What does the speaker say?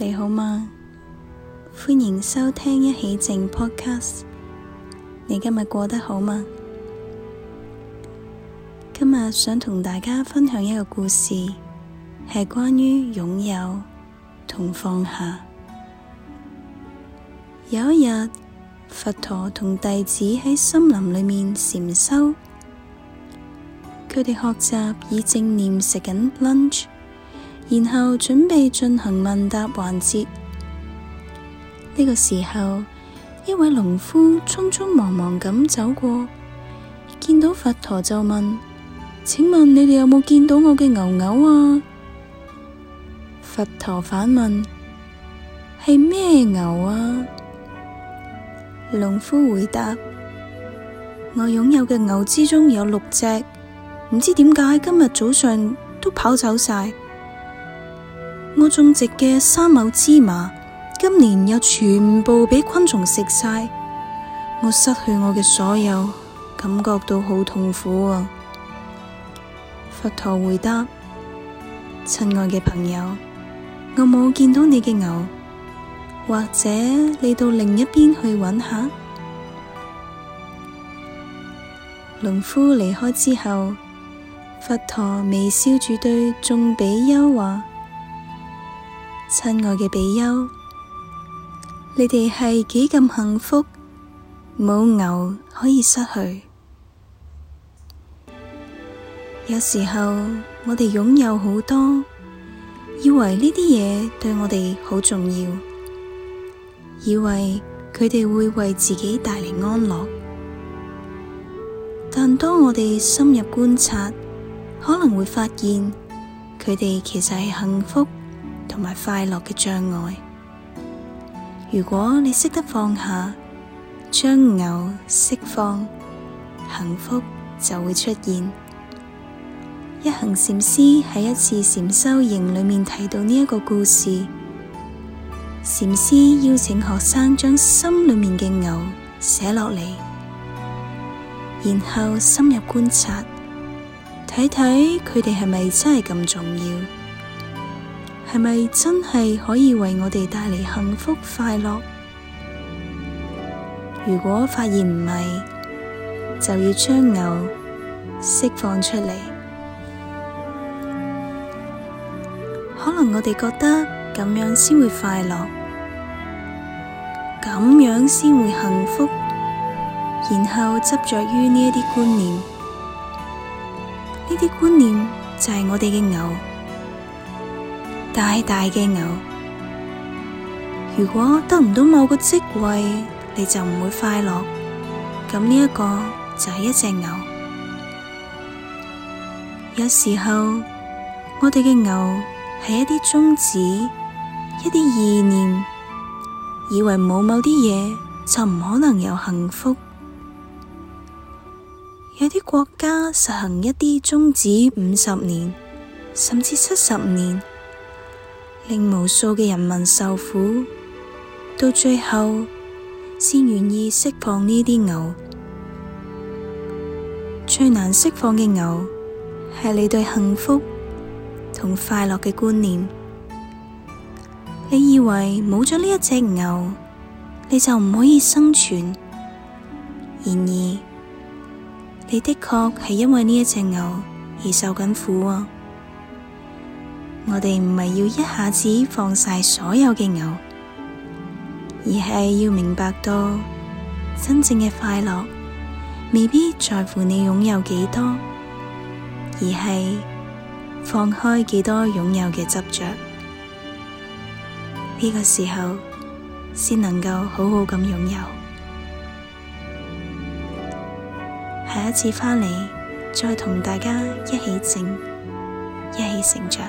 你好嗎？歡迎收聽《一起靜 Podcast》。你今日過得好嗎？今日想同大家分享一個故事，係關於擁有同放下。有一日，佛陀同弟子喺森林裏面禪修，佢哋學習以正念食緊 lunch。.然後準備進行問答環節。呢個時候，一位農夫匆匆忙忙咁走過，見到佛陀就問：請問你哋有冇見到我嘅牛牛啊？佛陀反問：係咩牛啊？農夫回答：我擁有嘅牛之中有六隻，唔知點解今日早上都跑走晒。我種植嘅三畝芝麻，今年又全部俾昆蟲食曬，我失去我嘅所有，感覺到好痛苦啊！佛陀回答：親愛嘅朋友，我冇見到你嘅牛，或者你到另一邊去揾下。農夫離開之後，佛陀微笑住對眾比丘話。親愛嘅比丘，你哋係幾咁幸福，冇牛可以失去。有時候我哋擁有好多，以為呢啲嘢對我哋好重要，以為佢哋會為自己帶嚟安樂。但當我哋深入觀察，可能會發現佢哋其實係幸福，同埋快樂嘅障礙。如果你識得放下，將牛釋放，幸福就會出現。一行禪師喺一次禪修營裏面提到呢一個故事。禪師邀請學生將心裏面嘅牛寫落嚟，然後深入觀察，睇睇佢哋係咪真係咁重要。係咪真係可以為我哋帶嚟幸福快樂？如果發現唔係，就要將牛釋放出嚟。可能我哋覺得咁樣先會快樂，咁樣先會幸福，然後執着於呢一啲觀念，呢啲觀念就係我哋嘅牛。大大嘅牛，如果得唔到某個職位，你就唔會快樂。咁呢一個就係一隻牛。有時候，我哋嘅牛係一啲宗旨，一啲意念，以為冇某啲嘢，就唔可能有幸福。有啲國家實行一啲宗旨五十年，甚至七十年。令無數嘅人民受苦，到最後先願意釋放呢啲牛。最難釋放嘅牛，係你對幸福同快樂嘅觀念。你以為冇咗呢一隻牛，你就唔可以生存。然而，你的確係因為呢一隻牛而受緊苦啊！我哋唔係要一下子放晒所有嘅牛，而係要明白到真正嘅快樂未必在乎你擁有幾多，而係放開幾多擁有嘅執着。呢個時候先能夠好好咁擁有。下一次返嚟，再同大家一起靜，一起成長。